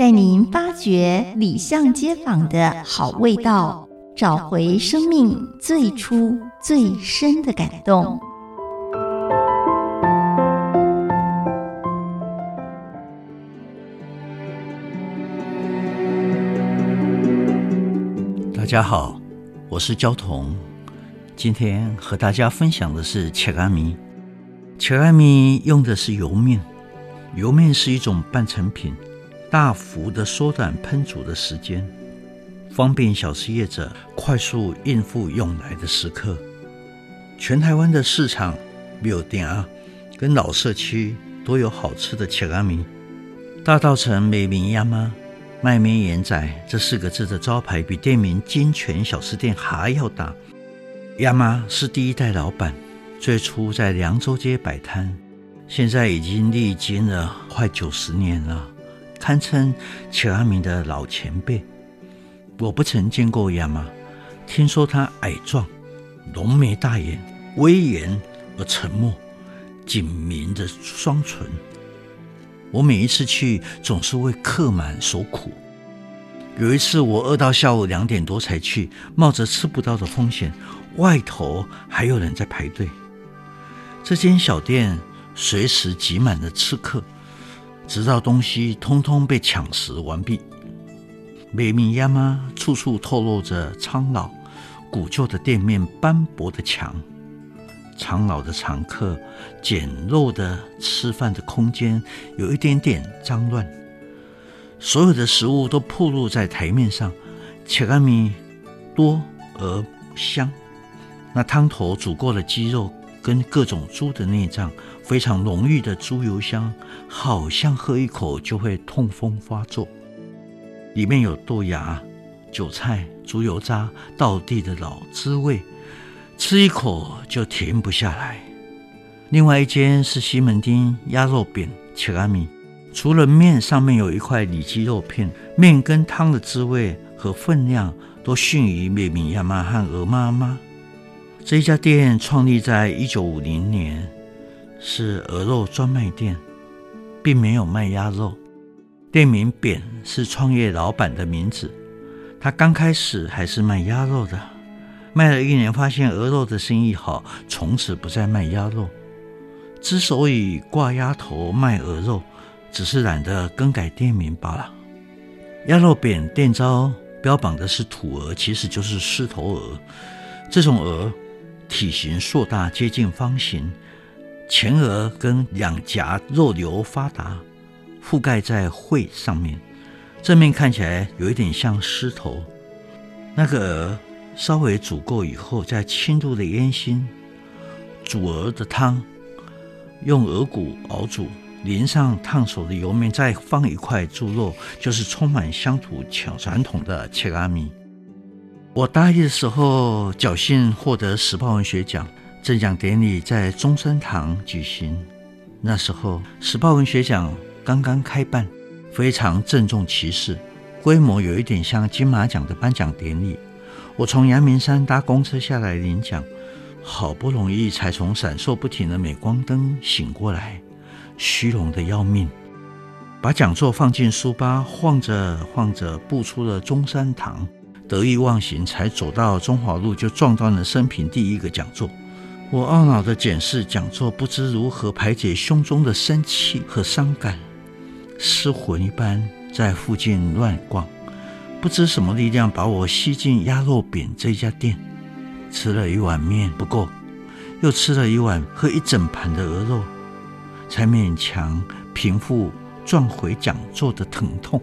帶您發掘里巷街坊的好味道，找回生命最初最深的感動。大家好，我是焦桐，今天和大家分享的是沏仔麵。沏仔麵用的是油麵，油麵是一種半成品。大幅的縮短烹煮的時間，方便小吃業者快速應付湧來的食客。全台灣的市場，沒有店啊，跟老社區都有好吃的沏仔麵。大稻埕美名鴨媽賣麵炎仔這四個字的招牌，比店名金泉小吃店還要大。鴨媽是第一代老闆，最初在涼州街擺攤，現在已經歷經了快九十年了。堪稱喬阿明的老前輩，我不曾見過亞媽。聽說他矮壯，濃眉大眼，威嚴而沉默，緊抿着雙唇。我每一次去，總是為客滿所苦。有一次，我餓到下午兩點多才去，冒着吃不到的風險，外頭還有人在排隊。這間小店隨時擠滿了吃客。直到東西通通被搶食完畢，每名亞媽處處透露着蒼老、古舊的店面、斑駁的牆、蒼老的常客、簡陋的吃飯的空間，有一點點髒亂。所有的食物都暴露在台面上，切干米多而香，那湯頭煮過了雞肉，跟各種豬的內臟，非常濃郁的豬油香，好像喝一口就會痛風發作。裡面有豆芽、韭菜、豬油渣，道地的老滋味，吃一口就停不下來。另外一間是西門町鴨肉扁沏仔麵，除了麵上面有一塊里肌肉片，麵跟湯的滋味和分量，都遜於賣麵炎仔和鵝媽媽。這一家店創立在一九五零年，是鵝肉專賣店，並沒有賣鴨肉。店名“扁”是創業老闆的名字。他剛開始還是賣鴨肉的，賣了一年，發現鵝肉的生意好，從此不再賣鴨肉。之所以掛鴨頭賣鵝肉，只是懶得更改店名罷了。鴨肉扁店招標榜的是土鵝，其實就是獅頭鵝，這種鵝。體型碩大，接近方形，前額跟兩頰肉瘤發達，覆蓋在喙上面，正面看起來有一點像獅頭。那個鵝稍微煮過以後，再輕度的煙燻，煮鵝的湯，用鵝骨熬煮，淋上燙手的油麵，再放一塊豬肉，就是充滿鄉土情傳統、傳統的沏仔麵。我大一的時候，僥倖獲得時報文學獎，頒獎典禮在中山堂舉行。那時候，時報文學獎剛剛開辦，非常鄭重其事，規模有一點像金馬獎的頒獎典禮。我從陽明山搭公車下來領獎，好不容易才從閃爍不停的鎂光燈醒過來，虛榮得要命，把獎座放進書包，晃着晃着步出了中山堂。得意忘形，才走到中華路，就撞斷了生平第一個獎座。我懊惱地檢視獎座，不知如何排解胸中的生氣和傷感，失魂一般在附近亂逛。不知什麼力量把我吸進鴨肉扁這家店，吃了一碗麵不夠，又吃了一碗，和一整盤的鵝肉，才勉強平復撞毀獎座的疼痛。